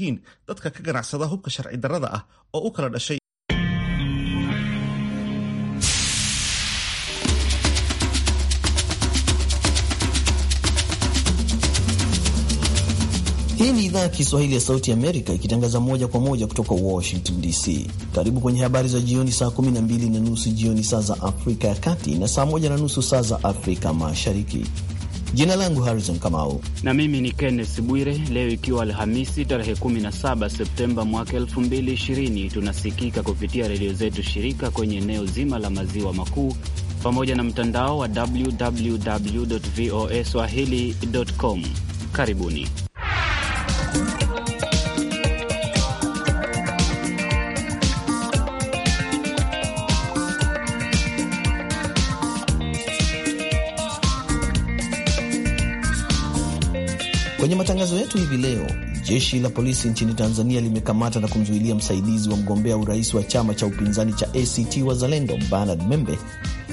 yihiin dadka ka ganacsada hubka sharci darrada ah oo u kala dhashay Hii ni idhaa ya Kiswahili ya Sauti Amerika ikitangaza moja kwa moja kutoka Washington DC. Karibu kwenye habari za jioni, saa 12 na nusu jioni saa za Afrika ya Kati na saa 1 na nusu saa za Afrika Mashariki. Jina langu Harrison Kamau na mimi ni Kenneth Bwire. Leo ikiwa Alhamisi tarehe 17 Septemba mwaka 2020, tunasikika kupitia redio zetu shirika kwenye eneo zima la maziwa makuu pamoja na mtandao wa www voa swahili.com. Karibuni. Kwenye matangazo yetu hivi leo, jeshi la polisi nchini Tanzania limekamata na kumzuilia msaidizi wa mgombea urais wa chama cha upinzani cha ACT Wazalendo Bernard Membe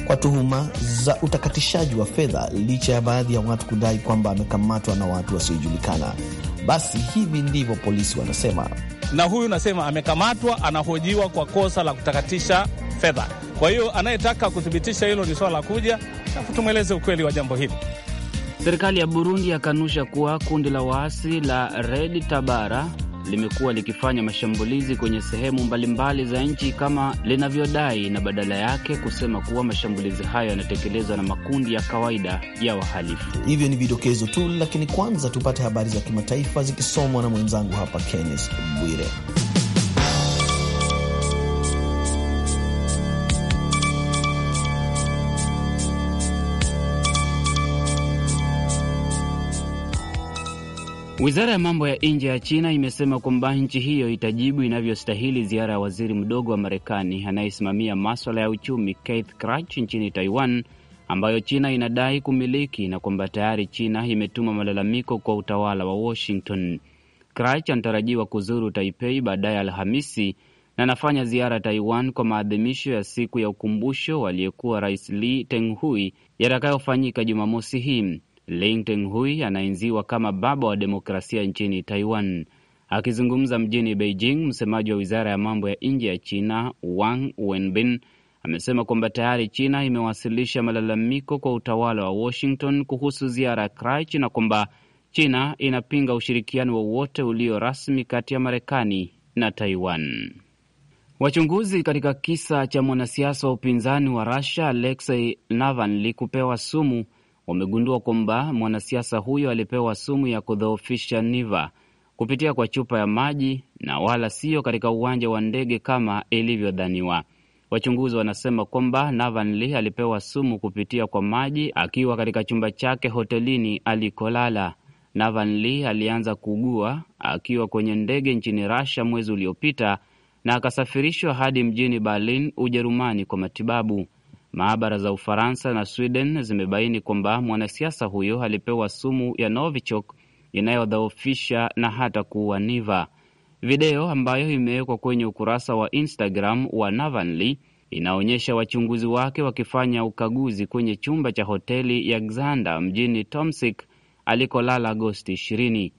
kwa tuhuma za utakatishaji wa fedha, licha ya baadhi ya watu kudai kwamba amekamatwa na watu wasiojulikana. Basi hivi ndivyo polisi wanasema, na huyu nasema amekamatwa, anahojiwa kwa kosa la kutakatisha fedha. Kwa hiyo anayetaka kuthibitisha hilo ni swala la kuja, alafu tumweleze ukweli wa jambo hili. Serikali ya Burundi yakanusha kuwa kundi la waasi la Red Tabara limekuwa likifanya mashambulizi kwenye sehemu mbalimbali za nchi kama linavyodai, na badala yake kusema kuwa mashambulizi hayo yanatekelezwa na makundi ya kawaida ya wahalifu. Hivyo ni vidokezo tu, lakini kwanza tupate habari za kimataifa zikisomwa na mwenzangu hapa Kenneth Bwire. Wizara ya mambo ya nje ya China imesema kwamba nchi hiyo itajibu inavyostahili ziara ya waziri mdogo wa Marekani anayesimamia maswala ya uchumi Keith Krach nchini Taiwan, ambayo China inadai kumiliki na kwamba tayari China imetuma malalamiko kwa utawala wa Washington. Krach anatarajiwa kuzuru Taipei baadaye Alhamisi na anafanya ziara Taiwan kwa maadhimisho ya siku ya ukumbusho waliyekuwa Rais Lee Tenghui yatakayofanyika Jumamosi hii. Ling Tenghui anaenziwa kama baba wa demokrasia nchini Taiwan. Akizungumza mjini Beijing, msemaji wa wizara ya mambo ya nje ya China Wang Wenbin amesema kwamba tayari China imewasilisha malalamiko kwa utawala wa Washington kuhusu ziara ya Krach na kwamba China inapinga ushirikiano wowote ulio rasmi kati ya Marekani na Taiwan. Wachunguzi katika kisa cha mwanasiasa wa upinzani wa Rusia Alexei Navalny kupewa sumu wamegundua kwamba mwanasiasa huyo alipewa sumu ya kudhoofisha niva kupitia kwa chupa ya maji na wala siyo katika uwanja wa ndege kama ilivyodhaniwa. Wachunguzi wanasema kwamba Navanli alipewa sumu kupitia kwa maji akiwa katika chumba chake hotelini alikolala. Navanli alianza kuugua akiwa kwenye ndege nchini Russia mwezi uliopita na akasafirishwa hadi mjini Berlin, Ujerumani kwa matibabu. Maabara za Ufaransa na Sweden zimebaini kwamba mwanasiasa huyo alipewa sumu ya Novichok inayodhoofisha na hata kuua niva Video ambayo imewekwa kwenye ukurasa wa Instagram wa Navanli inaonyesha wachunguzi wake wakifanya ukaguzi kwenye chumba cha hoteli ya Xander mjini Tomsk alikolala Agosti 20.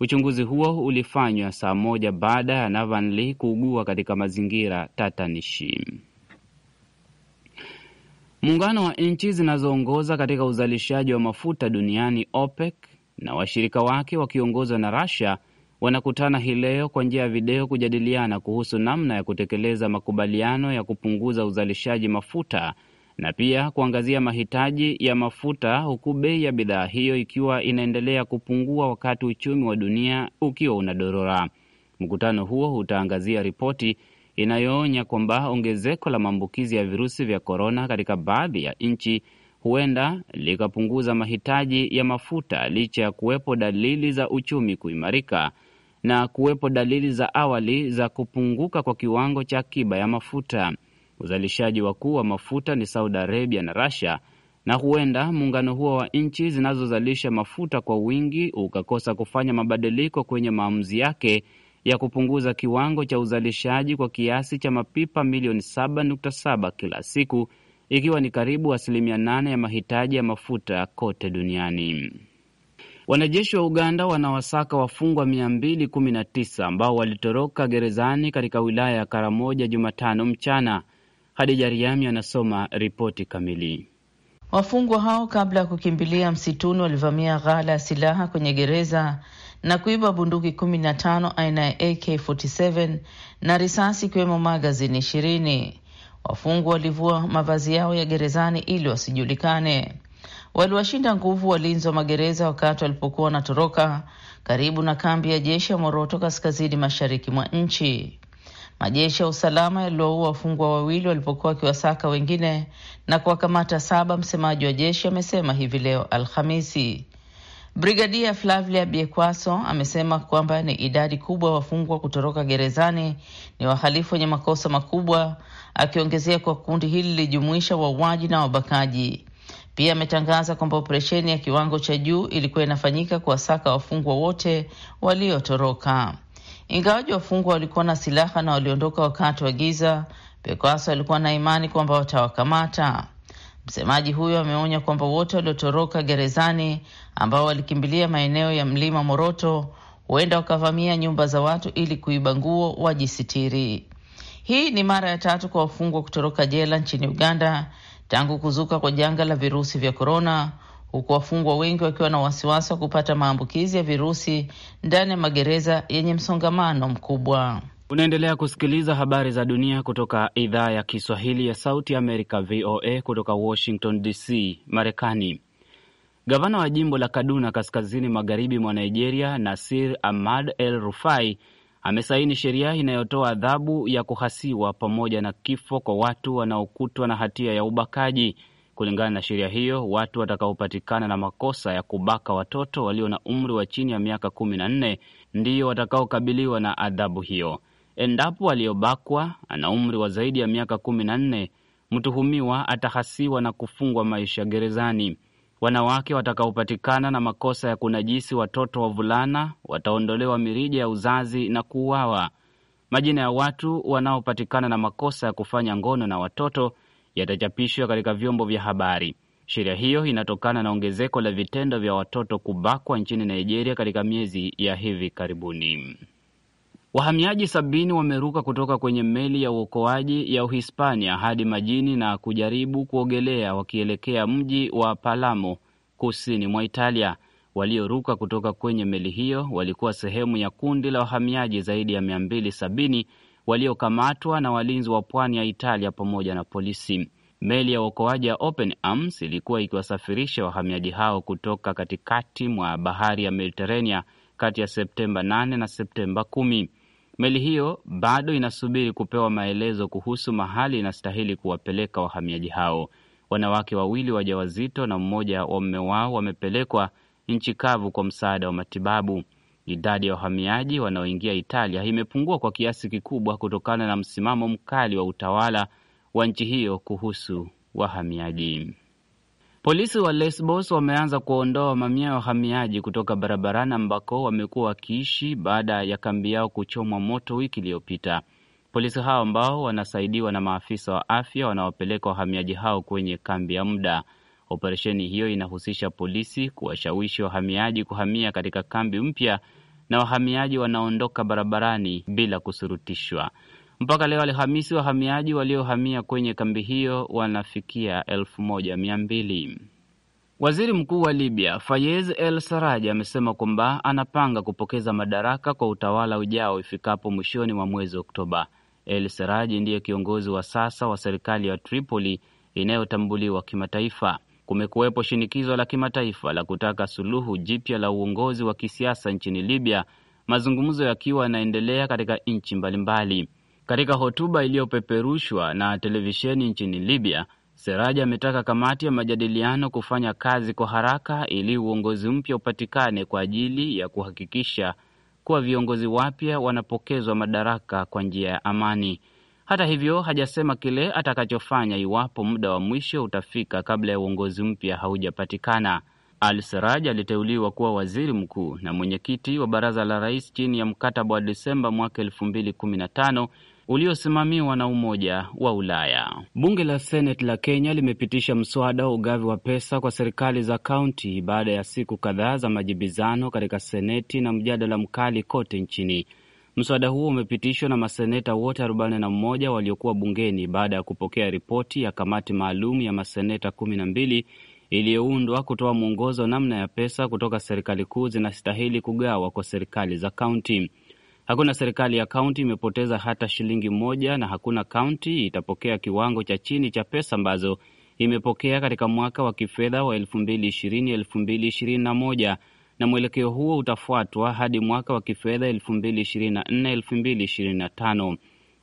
Uchunguzi huo ulifanywa saa moja baada ya Navanli kuugua katika mazingira tatanishi. Muungano wa nchi zinazoongoza katika uzalishaji wa mafuta duniani OPEC na washirika wake wakiongozwa na Russia wanakutana hii leo kwa njia ya video kujadiliana kuhusu namna ya kutekeleza makubaliano ya kupunguza uzalishaji mafuta na pia kuangazia mahitaji ya mafuta huku bei ya bidhaa hiyo ikiwa inaendelea kupungua wakati uchumi wa dunia ukiwa unadorora. Mkutano huo utaangazia ripoti inayoonya kwamba ongezeko la maambukizi ya virusi vya korona katika baadhi ya nchi huenda likapunguza mahitaji ya mafuta licha ya kuwepo dalili za uchumi kuimarika na kuwepo dalili za awali za kupunguka kwa kiwango cha akiba ya mafuta. Uzalishaji wakuu wa mafuta ni Saudi Arabia na Russia, na huenda muungano huo wa nchi zinazozalisha mafuta kwa wingi ukakosa kufanya mabadiliko kwenye maamuzi yake ya kupunguza kiwango cha uzalishaji kwa kiasi cha mapipa milioni 7.7 kila siku, ikiwa ni karibu asilimia 8 ya mahitaji ya mafuta kote duniani. Wanajeshi wa Uganda wanawasaka wafungwa 219 ambao walitoroka gerezani katika wilaya ya Karamoja Jumatano mchana. Hadija Riami anasoma ripoti kamili. Wafungwa hao kabla ya kukimbilia msituni walivamia ghala ya silaha kwenye gereza na kuiba bunduki 15 aina ya AK47 na risasi ikiwemo magazini ishirini. Wafungwa walivua mavazi yao ya gerezani ili wasijulikane. Waliwashinda nguvu walinzi wa magereza wakati walipokuwa wanatoroka karibu na kambi ya jeshi ya Moroto kaskazini mashariki mwa nchi. Majeshi ya usalama yaliwaua wafungwa wawili walipokuwa wakiwasaka wengine na kuwakamata saba. Msemaji wa jeshi amesema hivi leo Alhamisi. Brigadia Flavia Biekwaso amesema kwamba ni idadi kubwa wafungwa kutoroka gerezani ni wahalifu wenye makosa makubwa, akiongezea kwa kundi hili lilijumuisha wauaji na wabakaji. Pia ametangaza kwamba operesheni ya kiwango cha juu ilikuwa inafanyika kuwasaka wafungwa wote waliotoroka. Ingawaji wafungwa walikuwa na silaha na waliondoka wakati wa giza, Biekwaso alikuwa na imani kwamba watawakamata. Msemaji huyo ameonya kwamba wote waliotoroka gerezani ambao walikimbilia maeneo ya mlima Moroto huenda wakavamia nyumba za watu ili kuiba nguo wajisitiri. Hii ni mara ya tatu kwa wafungwa kutoroka jela nchini Uganda tangu kuzuka kwa janga la virusi vya korona, huku wafungwa wengi wakiwa na wasiwasi wa kupata maambukizi ya virusi ndani ya magereza yenye msongamano mkubwa. Unaendelea kusikiliza habari za dunia kutoka idhaa ya Kiswahili ya Sauti ya Amerika, VOA, kutoka Washington DC, Marekani. Gavana wa jimbo la Kaduna, kaskazini magharibi mwa Nigeria, Nasir Ahmad El Rufai amesaini sheria inayotoa adhabu ya kuhasiwa pamoja na kifo kwa watu wanaokutwa na hatia ya ubakaji. Kulingana na sheria hiyo, watu watakaopatikana na makosa ya kubaka watoto walio na umri wa chini ya miaka kumi na nne ndiyo watakaokabiliwa na adhabu hiyo. Endapo aliyobakwa ana umri wa zaidi ya miaka kumi na nne, mtuhumiwa atahasiwa na kufungwa maisha gerezani. Wanawake watakaopatikana na makosa ya kunajisi watoto wavulana wataondolewa mirija ya uzazi na kuuawa. Majina ya watu wanaopatikana na makosa ya kufanya ngono na watoto yatachapishwa katika vyombo vya habari. Sheria hiyo inatokana na ongezeko la vitendo vya watoto kubakwa nchini Nigeria katika miezi ya hivi karibuni. Wahamiaji sabini wameruka kutoka kwenye meli ya uokoaji ya Uhispania hadi majini na kujaribu kuogelea wakielekea mji wa Palamo kusini mwa Italia. Walioruka kutoka kwenye meli hiyo walikuwa sehemu ya kundi la wahamiaji zaidi ya 270 waliokamatwa na walinzi wa pwani ya Italia pamoja na polisi. Meli ya uokoaji ya Open Arms ilikuwa ikiwasafirisha wahamiaji hao kutoka katikati mwa bahari ya Mediterania kati ya Septemba 8 na Septemba Meli hiyo bado inasubiri kupewa maelezo kuhusu mahali inastahili kuwapeleka wahamiaji hao. Wanawake wawili wajawazito na mmoja wa mume wao wamepelekwa nchi kavu kwa msaada wa matibabu. Idadi ya wahamiaji wanaoingia Italia imepungua kwa kiasi kikubwa kutokana na msimamo mkali wa utawala wa nchi hiyo kuhusu wahamiaji. Polisi wa Lesbos wameanza kuondoa mamia ya wahamiaji kutoka barabarani ambako wamekuwa wakiishi baada ya kambi yao kuchomwa moto wiki iliyopita. Polisi hao ambao wanasaidiwa na maafisa wa afya wanaopeleka wahamiaji hao kwenye kambi ya muda. Operesheni hiyo inahusisha polisi kuwashawishi wahamiaji kuhamia katika kambi mpya, na wahamiaji wanaondoka barabarani bila kusurutishwa. Mpaka leo Alhamisi, wahamiaji waliohamia kwenye kambi hiyo wanafikia elfu moja mia mbili. Waziri Mkuu wa Libya Fayez El Saraj amesema kwamba anapanga kupokeza madaraka kwa utawala ujao ifikapo mwishoni mwa mwezi Oktoba. El Saraj ndiye kiongozi wa sasa wa serikali ya Tripoli inayotambuliwa kimataifa. Kumekuwepo shinikizo la kimataifa la kutaka suluhu jipya la uongozi wa kisiasa nchini Libya, mazungumzo yakiwa yanaendelea katika nchi mbalimbali. Katika hotuba iliyopeperushwa na televisheni nchini Libya, Seraji ametaka kamati ya majadiliano kufanya kazi kwa haraka ili uongozi mpya upatikane kwa ajili ya kuhakikisha kuwa viongozi wapya wanapokezwa madaraka kwa njia ya amani. Hata hivyo, hajasema kile atakachofanya iwapo muda wa mwisho utafika kabla ya uongozi mpya haujapatikana. Al Seraj aliteuliwa kuwa waziri mkuu na mwenyekiti wa baraza la rais chini ya mkataba wa Desemba mwaka elfu mbili kumi na tano uliosimamiwa na Umoja wa Ulaya. Bunge la Seneti la Kenya limepitisha mswada wa ugavi wa pesa kwa serikali za kaunti baada ya siku kadhaa za majibizano katika Seneti na mjadala mkali kote nchini. Mswada huo umepitishwa na maseneta wote 41 waliokuwa bungeni baada ya kupokea ripoti ya kamati maalum ya maseneta 12 iliyoundwa kutoa mwongozo namna ya pesa kutoka serikali kuu zinastahili kugawa kwa serikali za kaunti. Hakuna serikali ya kaunti imepoteza hata shilingi moja na hakuna kaunti itapokea kiwango cha chini cha pesa ambazo imepokea katika mwaka wa kifedha wa elfu na mwelekeo huo utafuatwa hadi mwaka wa kifedha elfu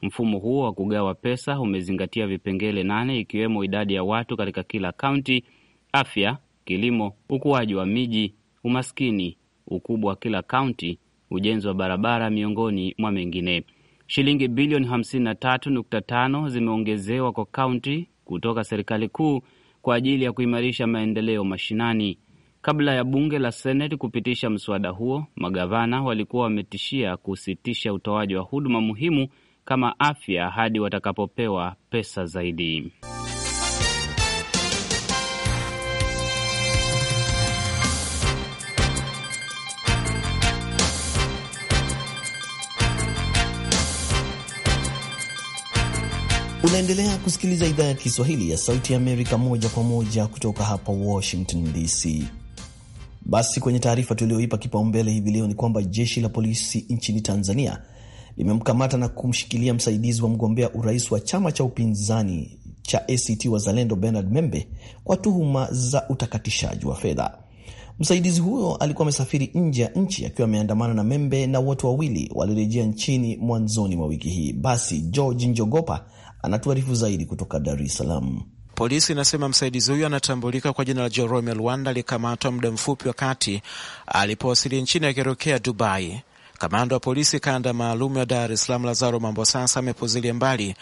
Mfumo huo wa kugawa pesa umezingatia vipengele nane ikiwemo idadi ya watu katika kila kaunti, afya, kilimo, ukuaji wa miji, umaskini, ukubwa wa kila kaunti ujenzi wa barabara, miongoni mwa mengine. Shilingi bilioni 53.5 zimeongezewa kwa kaunti kutoka serikali kuu kwa ajili ya kuimarisha maendeleo mashinani. Kabla ya bunge la Seneti kupitisha mswada huo, magavana walikuwa wametishia kusitisha utoaji wa huduma muhimu kama afya hadi watakapopewa pesa zaidi. Unaendelea kusikiliza idhaa ya Kiswahili ya Sauti ya Amerika moja kwa moja kutoka hapa Washington DC. Basi kwenye taarifa tulioipa kipaumbele hivi leo ni kwamba jeshi la polisi nchini Tanzania limemkamata na kumshikilia msaidizi wa mgombea urais wa chama cha upinzani cha ACT Wazalendo Bernard Membe kwa tuhuma za utakatishaji wa fedha. Msaidizi huyo alikuwa amesafiri nje ya nchi akiwa ameandamana na Membe na wote wawili walirejea nchini mwanzoni mwa wiki hii. Basi George Njogopa Anatuarifu zaidi kutoka Dar es Salaam. Polisi inasema msaidizi huyo anatambulika kwa jina la Jerome lwanda alikamatwa muda mfupi wakati alipowasili nchini akitokea Dubai. Kamanda wa polisi kanda maalum ya Dar es Salaam Lazaro sasa amepuzilia mbali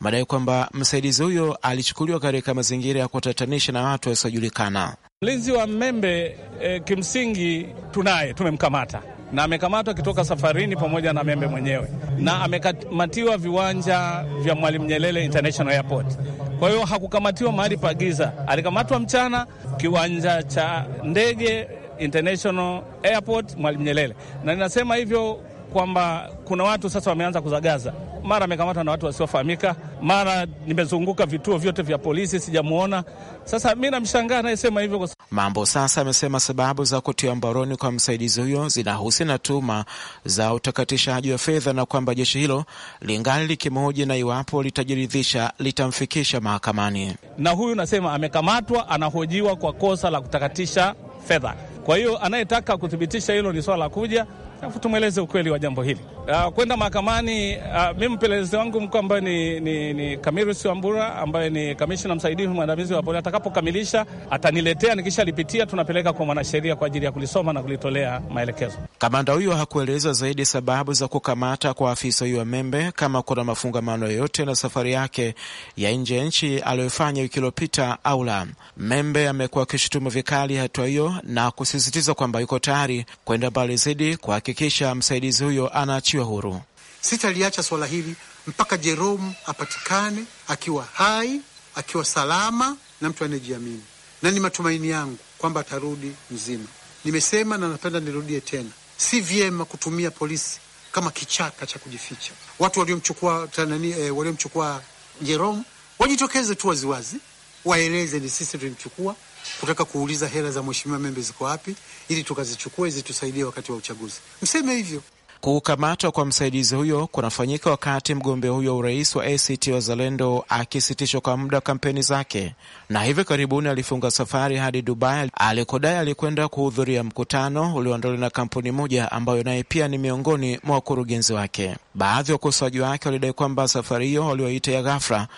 madai kwamba msaidizi huyo alichukuliwa katika mazingira ya kutatanisha na watu wasiojulikana. Mlinzi wa Membe e, kimsingi tunaye, tumemkamata na amekamatwa akitoka safarini pamoja na Membe mwenyewe, na amekamatiwa viwanja vya Mwalimu Nyerere International Airport. Kwa hiyo hakukamatiwa mahali pa giza, alikamatwa mchana kiwanja cha ndege International Airport Mwalimu Nyerere, na ninasema hivyo kwamba kuna watu sasa wameanza kuzagaza, mara amekamatwa na watu wasiofahamika, mara nimezunguka vituo vyote vya polisi sijamwona. Sasa mi namshangaa anayesema hivyo. Mambo sasa amesema sababu za kutia mbaroni kwa msaidizi huyo zinahusiana na tuma za utakatishaji wa fedha na kwamba jeshi hilo lingali likimoja na iwapo litajiridhisha litamfikisha mahakamani. Na huyu nasema amekamatwa, anahojiwa kwa kosa la kutakatisha fedha. Kwa hiyo anayetaka kuthibitisha hilo ni swala la kuja, alafu tumweleze ukweli wa jambo hili. Uh, kwenda mahakamani uh, ah, mi mpelelezi wangu mkuu ambaye ni, ni, ni Camillus Wambura ambaye ni kamishina msaidizi mwandamizi wa polisi, atakapokamilisha ataniletea, nikishalipitia tunapeleka kwa mwanasheria kwa ajili ya kulisoma na kulitolea maelekezo. Kamanda huyo hakueleza zaidi sababu za kukamata kwa afisa huyo wa Membe, kama kuna mafungamano yoyote na safari yake ya nje ya nchi aliyofanya wiki iliyopita au la. Membe amekuwa akishutumu vikali hatua hiyo na kusisitiza kwamba yuko tayari kwenda mbali zaidi kuhakikisha msaidizi huyo anaachiwa kuachiwa huru. Sitaliacha swala hili mpaka Jerome apatikane akiwa hai, akiwa salama na mtu anayejiamini, na ni matumaini yangu kwamba atarudi mzima. Nimesema na napenda nirudie tena, si vyema kutumia polisi kama kichaka cha kujificha. Watu waliomchukua tanani, eh, waliomchukua Jerome wajitokeze tu waziwazi, waeleze ni sisi tulimchukua, kutaka kuuliza hela za mheshimiwa Membe ziko wapi, ili tukazichukue zitusaidie wakati wa uchaguzi. Mseme hivyo. Kukamatwa kwa msaidizi huyo kunafanyika wakati mgombea huyo urais wa ACT Wazalendo akisitishwa kwa muda wa kampeni zake, na hivi karibuni alifunga safari hadi Dubai alikodai alikwenda kuhudhuria mkutano ulioandaliwa na kampuni moja ambayo naye pia ni miongoni mwa wakurugenzi wake. Baadhi ya ukosoaji wake walidai kwamba safari hiyo walioita ya ghafla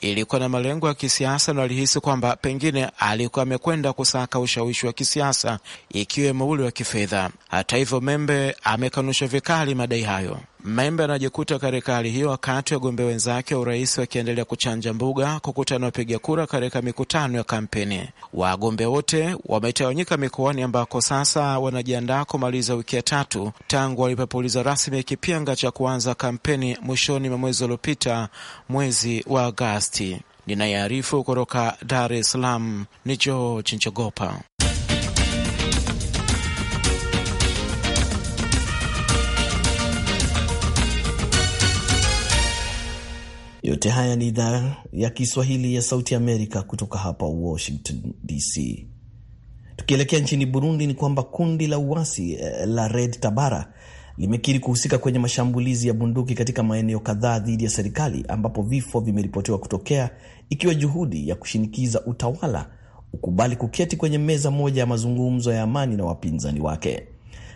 ilikuwa na malengo ya kisiasa na alihisi kwamba pengine alikuwa amekwenda kusaka ushawishi wa kisiasa ikiwemo ule wa kifedha. Hata hivyo, Membe amekanusha vikali madai hayo. Membe anajikuta katika hali hiyo wakati wagombea wenzake wa urais wakiendelea kuchanja mbuga kukutana wapiga kura katika mikutano ya kampeni. Wagombea wote wametawanyika mikoani ambako sasa wanajiandaa kumaliza wiki ya tatu tangu walipopuliza rasmi kipianga cha kuanza kampeni mwishoni mwa mwezi uliopita, mwezi wa Agasti. Ninayearifu kutoka Dar es Salaam ni George Njogopa. Yote haya ni idhaa ya Kiswahili ya Sauti Amerika kutoka hapa Washington DC. Tukielekea nchini Burundi ni kwamba kundi la uasi eh, la Red Tabara limekiri kuhusika kwenye mashambulizi ya bunduki katika maeneo kadhaa dhidi ya serikali ambapo vifo vimeripotiwa kutokea, ikiwa juhudi ya kushinikiza utawala ukubali kuketi kwenye meza moja ya mazungumzo ya amani na wapinzani wake.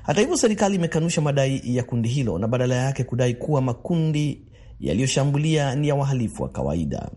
Hata hivyo, serikali imekanusha madai ya kundi hilo na badala yake kudai kuwa makundi yaliyoshambulia ni ya wahalifu wa kawaida.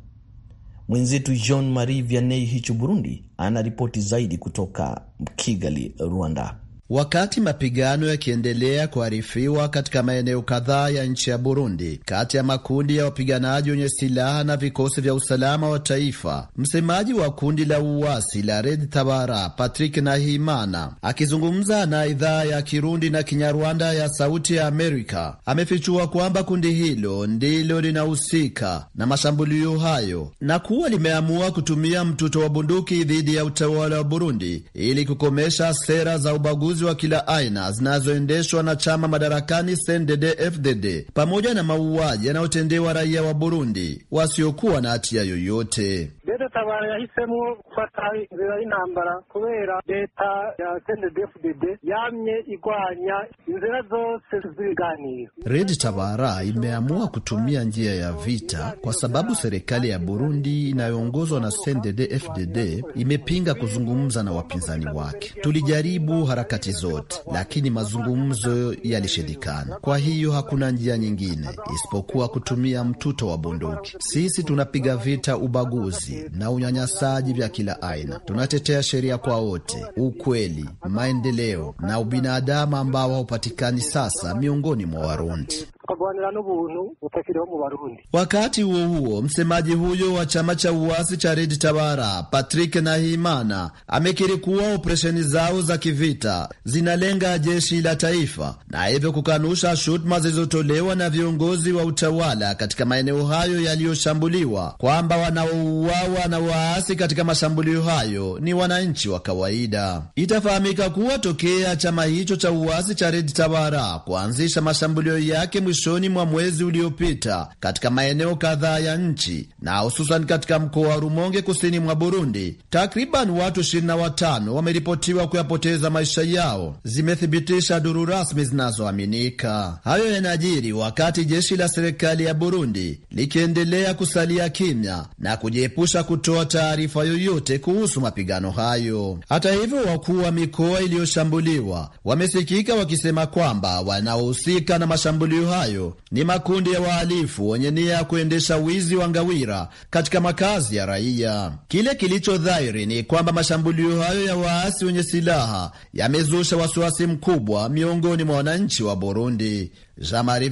Mwenzetu Jean Marie Vianney hicho Burundi ana ripoti zaidi kutoka Kigali, Rwanda. Wakati mapigano yakiendelea kuharifiwa katika maeneo kadhaa ya nchi ya Burundi kati ya makundi ya wapiganaji wenye silaha na vikosi vya usalama wa taifa, msemaji wa kundi la uasi la Red Tabara Patrick Nahimana akizungumza na idhaa ya Kirundi na Kinyarwanda ya Sauti ya Amerika amefichua kwamba kundi hilo ndilo linahusika na mashambulio hayo na kuwa limeamua kutumia mtuto wa bunduki dhidi ya utawala wa Burundi ili kukomesha sera za ubaguzi uchaguzi wa kila aina zinazoendeshwa na chama madarakani CNDD-FDD pamoja na mauaji yanayotendewa raia wa Burundi wasiokuwa na hatia yoyote batabaye yahisemo gufata inzira y'intambara kubera leta ya cndfdd yamye igwanya inzira zose z'ibiganiro. Red Tabara imeamua kutumia njia ya vita kwa sababu serikali ya Burundi inayoongozwa na cndfdd imepinga kuzungumza na wapinzani wake. Tulijaribu harakati zote, lakini mazungumzo yalishindikana. Kwa hiyo hakuna njia nyingine isipokuwa kutumia mtuto wa bunduki. Sisi tunapiga vita ubaguzi na unyanyasaji vya kila aina. Tunatetea sheria kwa wote, ukweli, maendeleo na ubinadamu ambao haupatikani sasa miongoni mwa Warundi barwanira n'ubuntu butakiriho mu Barundi. Wakati huo huo, msemaji huyo wa chama cha uasi cha Red Tabara Patrick Nahimana amekiri kuwa operesheni zao za kivita zinalenga jeshi la taifa na hivyo kukanusha shutuma zilizotolewa na viongozi wa utawala katika maeneo hayo yaliyoshambuliwa kwamba wanaouawa na waasi katika mashambulio hayo ni wananchi wa kawaida. Itafahamika kuwa tokea chama hicho cha uasi cha Red Tabara kuanzisha mashambulio yake mwishoni mwishoni mwa mwezi uliopita katika maeneo kadhaa ya nchi na hususan katika mkoa wa Rumonge kusini mwa Burundi. Takriban watu 25 wameripotiwa kuyapoteza maisha yao, zimethibitisha duru rasmi zinazoaminika. Hayo yanajiri wakati jeshi la serikali ya Burundi likiendelea kusalia kimya na kujiepusha kutoa taarifa yoyote kuhusu mapigano hayo. Hata hivyo, wakuu wa mikoa iliyoshambuliwa wamesikika wakisema kwamba wanaohusika na mashambulio hayo hayo ni makundi ya wahalifu wenye nia ya kuendesha wizi wa ngawira katika makazi ya raia. Kile kilicho dhahiri ni kwamba mashambulio hayo ya waasi wenye silaha yamezusha wasiwasi mkubwa miongoni mwa wananchi wa Burundi. Jamari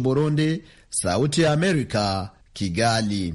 Burundi, Sauti ya Amerika, Kigali.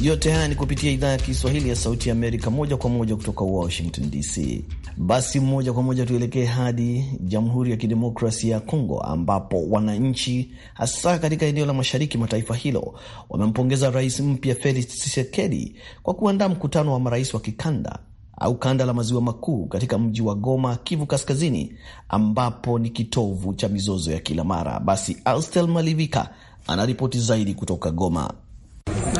Yote haya ni kupitia idhaa ya Kiswahili ya Sauti ya Amerika, moja kwa moja kutoka Washington DC. Basi moja kwa moja tuelekee hadi Jamhuri ya Kidemokrasia ya Kongo, ambapo wananchi hasa katika eneo la mashariki mwa taifa hilo wamempongeza rais mpya Felix Tshisekedi kwa kuandaa mkutano wa marais wa kikanda au kanda la maziwa makuu katika mji wa Goma, Kivu Kaskazini, ambapo ni kitovu cha mizozo ya kila mara. Basi Alstel Malivika anaripoti zaidi kutoka Goma.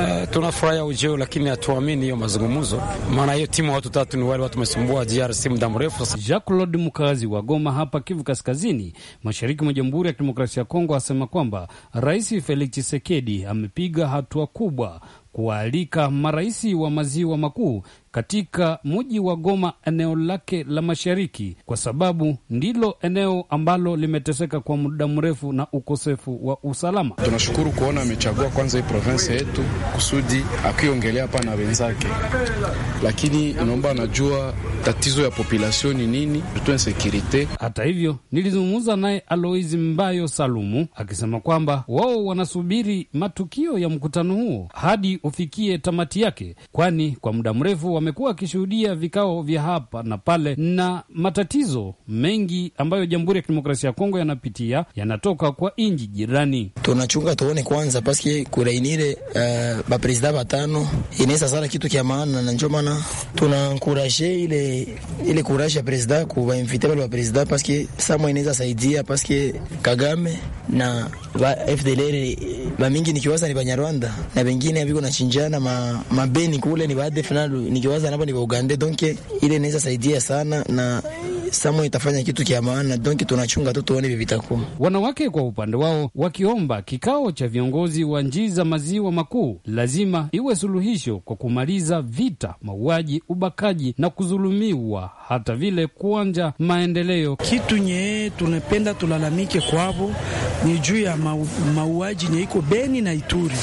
Eh, tunafurahia ujio lakini hatuamini hiyo mazungumzo, maana hiyo timu watu tatu ni wale watu wamesumbua DRC muda mrefu. Jacques Claude mkazi wa Goma hapa Kivu Kaskazini, mashariki mwa Jamhuri ya Kidemokrasia ya Kongo, asema kwamba Rais Felix Tshisekedi amepiga hatua kubwa kuwaalika marais wa maziwa makuu katika mji wa Goma, eneo lake la mashariki, kwa sababu ndilo eneo ambalo limeteseka kwa muda mrefu na ukosefu wa usalama. Tunashukuru kuona amechagua kwanza hii provensi yetu kusudi akiongelea hapa na wenzake, lakini inaomba anajua tatizo ya populasio ni nini, sekurite. Hata hivyo, nilizungumza naye Aloisi Mbayo Salumu akisema kwamba wao wanasubiri matukio ya mkutano huo hadi ufikie tamati yake, kwani kwa muda mrefu wamekuwa wakishuhudia vikao vya hapa na pale na matatizo mengi ambayo Jamhuri ya Kidemokrasia ya Kongo yanapitia yanatoka kwa nji jirani. Tunachunga tuone kwanza, paske kurainire uh, baprezida batano inaweza sana kitu kya maana, na njo maana tunankuraje ile ile kuraje ya presida kuwainvite bale bapresida, paske samwa inaweza saidia, paske Kagame na ba FDLR bamingi nikiwaza ni Banyarwanda na bengine aviko na chinjana mabeni ma kule ni baadefnalu nikiwaza waza nabo ni Waugande, donc ile inaweza saidia sana na Samu itafanya kitu kia maana, donc tunachunga tu tuone vivitakuwa. Wanawake kwa upande wao wakiomba kikao cha viongozi wa njii za maziwa makuu lazima iwe suluhisho kwa kumaliza vita, mauaji, ubakaji na kudhulumiwa, hata vile kuanja maendeleo. Kitu nyee tunapenda tulalamike kwavo ni juu ya mauaji nye iko Beni na Ituri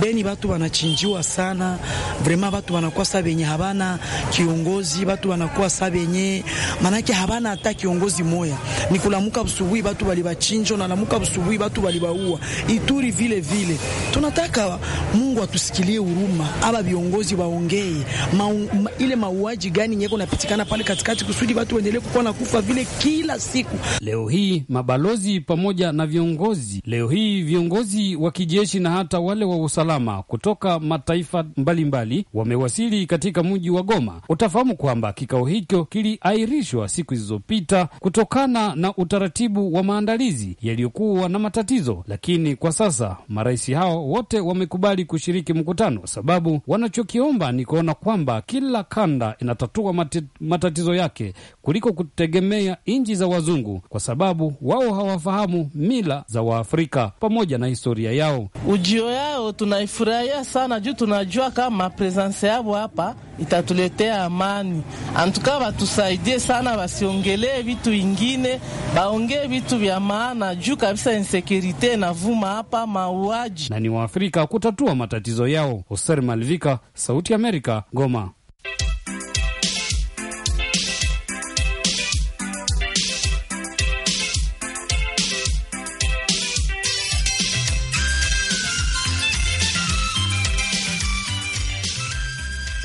Beni batu wanachinjiwa sana, vrema batu wanakuwa sabenye habana kiongozi, batu wanakuwa sabenye manake habana hata kiongozi moya. Ni kulamuka busubuhi batu balibachinjo na lamuka busubuhi batu walibaua Ituri vile vile. Tunataka Mungu atusikilie huruma, aba viongozi waongee ma, ma, ile mauaji gani nyeko napitikana pale katikati kusudi batu waendelee kukuwa na kufa vile kila siku. Leo hii mabalozi pamoja na viongozi, leo hii viongozi wa kijeshi na hata wale wa usalama kutoka mataifa mbalimbali wamewasili katika mji wa Goma. Utafahamu kwamba kikao hicho kiliahirishwa siku zilizopita kutokana na utaratibu wa maandalizi yaliyokuwa na matatizo, lakini kwa sasa marais hao wote wamekubali kushiriki mkutano, sababu wanachokiomba ni kuona kwamba kila kanda inatatua matatizo yake kuliko kutegemea nchi za wazungu, kwa sababu wao hawafahamu mila za Waafrika pamoja na historia yao. Ujio yao tunaifurahia sana juu tunajua kama presanse yao hapa itatuletea amani. Antuka watusaidie sana, wasiongelee vitu ingine, waongee vitu vya maana juu kabisa insekurite na vuma hapa mauaji, na ni Waafrika kutatua matatizo yao. Hoser Malvika, Sauti Amerika, Goma.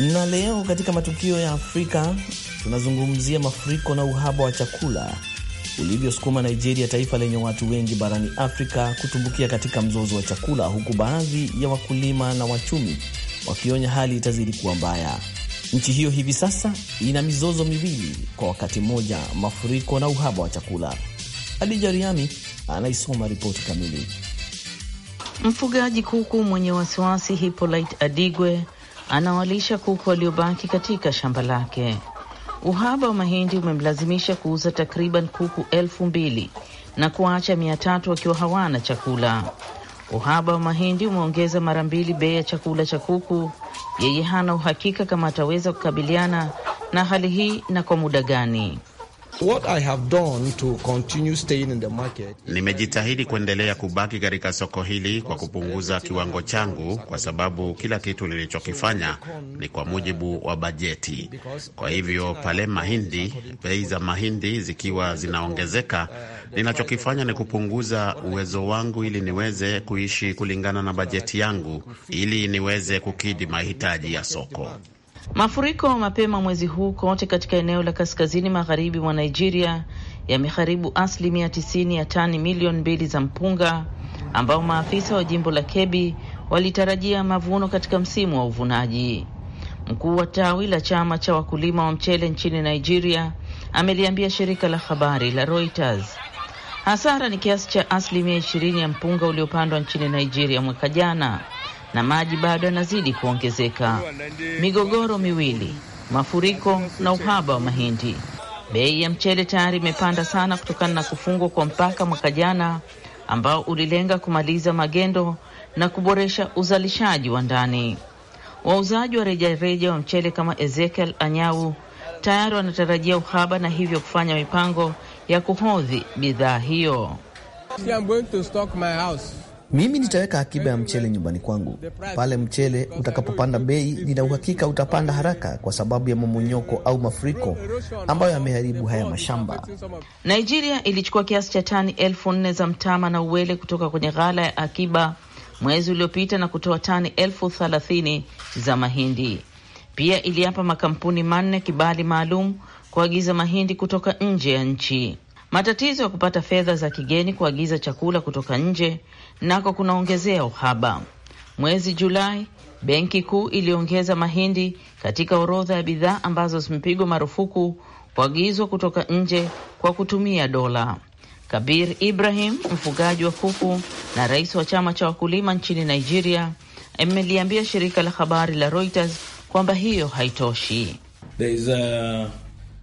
Na leo katika matukio ya Afrika tunazungumzia mafuriko na uhaba wa chakula ulivyosukuma Nigeria, taifa lenye watu wengi barani Afrika, kutumbukia katika mzozo wa chakula, huku baadhi ya wakulima na wachumi wakionya hali itazidi kuwa mbaya. Nchi hiyo hivi sasa ina mizozo miwili kwa wakati mmoja, mafuriko na uhaba wa chakula. Adija Riami anaisoma ripoti kamili. Mfugaji kuku mwenye wasiwasi hipolit Adigwe anawalisha kuku waliobaki katika shamba lake. Uhaba wa mahindi umemlazimisha kuuza takriban kuku elfu mbili na kuacha mia tatu wakiwa hawana chakula. Uhaba wa mahindi umeongeza mara mbili bei ya chakula cha kuku. Yeye hana uhakika kama ataweza kukabiliana na hali hii na kwa muda gani. Nimejitahidi kuendelea kubaki katika soko hili kwa kupunguza kiwango changu, kwa sababu kila kitu nilichokifanya ni kwa mujibu wa bajeti. Kwa hivyo pale mahindi, bei za mahindi zikiwa zinaongezeka, ninachokifanya ni kupunguza uwezo wangu ili niweze kuishi kulingana na bajeti yangu, ili niweze kukidhi mahitaji ya soko. Mafuriko mapema mwezi huu kote katika eneo la kaskazini magharibi mwa Nigeria yameharibu asilimia 90 ya tani milioni mbili za mpunga ambao maafisa wa jimbo la kebi walitarajia mavuno katika msimu wa uvunaji. Mkuu wa tawi la chama cha wakulima wa mchele nchini Nigeria ameliambia shirika la habari la Reuters hasara ni kiasi cha asilimia 20 ya mpunga uliopandwa nchini Nigeria mwaka jana na maji bado yanazidi kuongezeka. Migogoro miwili, mafuriko na uhaba wa mahindi. Bei ya mchele tayari imepanda sana kutokana na kufungwa kwa mpaka mwaka jana ambao ulilenga kumaliza magendo na kuboresha uzalishaji wa ndani. Wauzaji wa rejareja wa mchele kama Ezekiel Anyau tayari wanatarajia uhaba na hivyo kufanya mipango ya kuhodhi bidhaa hiyo. Mimi nitaweka akiba ya mchele nyumbani kwangu. Pale mchele utakapopanda bei, nina uhakika utapanda haraka kwa sababu ya momonyoko au mafuriko ambayo yameharibu haya mashamba. Nigeria ilichukua kiasi cha tani elfu nne za mtama na uwele kutoka kwenye ghala ya akiba mwezi uliopita na kutoa tani elfu thelathini za mahindi. Pia iliapa makampuni manne kibali maalum kuagiza mahindi kutoka nje ya nchi. Matatizo ya kupata fedha za kigeni kuagiza chakula kutoka nje nako kunaongezea uhaba. Mwezi Julai, benki kuu iliongeza mahindi katika orodha ya bidhaa ambazo zimepigwa marufuku kuagizwa kutoka nje kwa kutumia dola. Kabir Ibrahim, mfugaji wa kuku na rais wa chama cha wakulima nchini Nigeria, ameliambia shirika la habari la Reuters kwamba hiyo haitoshi. There is a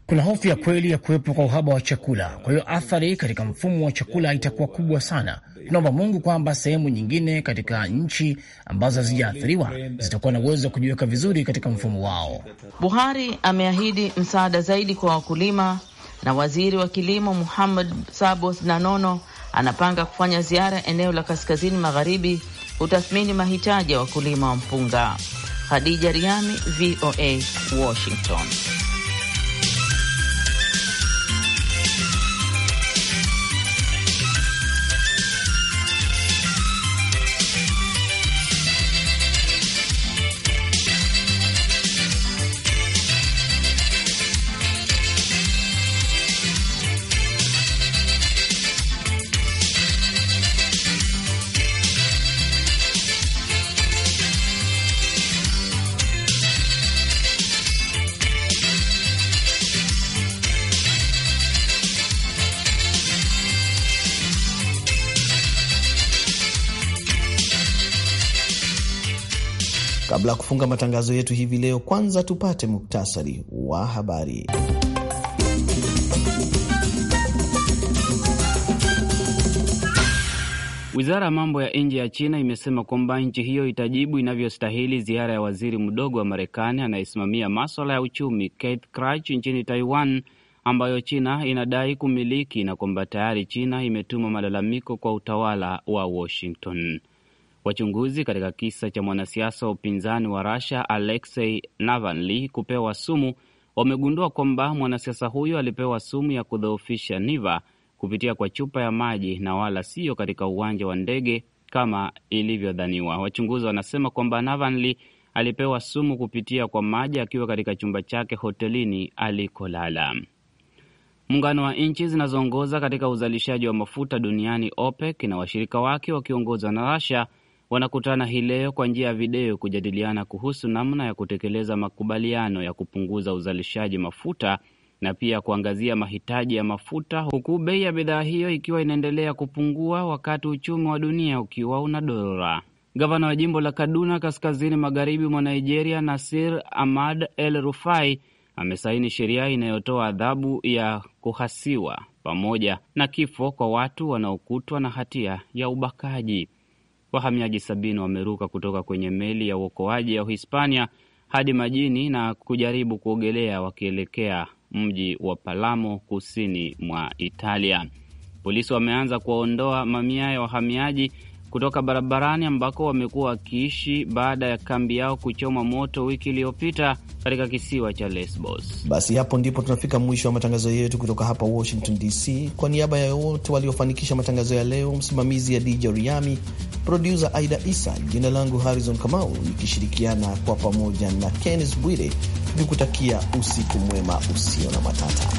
kuna hofu ya kweli ya kuwepo kwa uhaba wa chakula, kwa hiyo athari katika mfumo wa chakula itakuwa kubwa sana. Tunaomba Mungu kwamba sehemu nyingine katika nchi ambazo hazijaathiriwa zitakuwa na uwezo wa kujiweka vizuri katika mfumo wao. Buhari ameahidi msaada zaidi kwa wakulima, na waziri wa kilimo Muhammad Sabo Nanono anapanga kufanya ziara eneo la kaskazini magharibi kutathmini mahitaji ya wakulima wa mpunga. Khadija Riami, VOA, Washington. Kabla ya kufunga matangazo yetu hivi leo, kwanza tupate muktasari wa habari. Wizara ya mambo ya nje ya China imesema kwamba nchi hiyo itajibu inavyostahili ziara ya waziri mdogo wa Marekani anayesimamia maswala ya uchumi Keith Krach nchini Taiwan, ambayo China inadai kumiliki na kwamba tayari China imetuma malalamiko kwa utawala wa Washington wachunguzi katika kisa cha mwanasiasa wa upinzani wa rusia Alexei Navalny kupewa sumu wamegundua kwamba mwanasiasa huyo alipewa sumu ya kudhoofisha niva kupitia kwa chupa ya maji na wala siyo katika uwanja wa ndege kama ilivyodhaniwa. Wachunguzi wanasema kwamba Navalny alipewa sumu kupitia kwa maji akiwa katika chumba chake hotelini alikolala. Muungano wa nchi zinazoongoza katika uzalishaji wa mafuta duniani OPEC na washirika wake wakiongozwa na Russia wanakutana hii leo kwa njia ya video kujadiliana kuhusu namna ya kutekeleza makubaliano ya kupunguza uzalishaji mafuta na pia kuangazia mahitaji ya mafuta huku bei ya bidhaa hiyo ikiwa inaendelea kupungua wakati uchumi wa dunia ukiwa unadorora. Gavana wa jimbo la Kaduna kaskazini magharibi mwa Nigeria, Nasir Ahmad El Rufai amesaini sheria inayotoa adhabu ya kuhasiwa pamoja na kifo kwa watu wanaokutwa na hatia ya ubakaji. Wahamiaji sabini wameruka kutoka kwenye meli ya uokoaji ya Uhispania hadi majini na kujaribu kuogelea wakielekea mji wa Palamo kusini mwa Italia. Polisi wameanza kuwaondoa mamia ya wahamiaji kutoka barabarani ambako wamekuwa wakiishi baada ya kambi yao kuchoma moto wiki iliyopita katika kisiwa cha Lesbos. Basi hapo ndipo tunafika mwisho wa matangazo yetu kutoka hapa Washington DC. Kwa niaba ya wote waliofanikisha matangazo ya leo, msimamizi ya DJ Riami, produsa Aida Isa, jina langu Harrison Kamau nikishirikiana kwa pamoja na Kennes Bwire nikutakia usiku mwema usio na matata.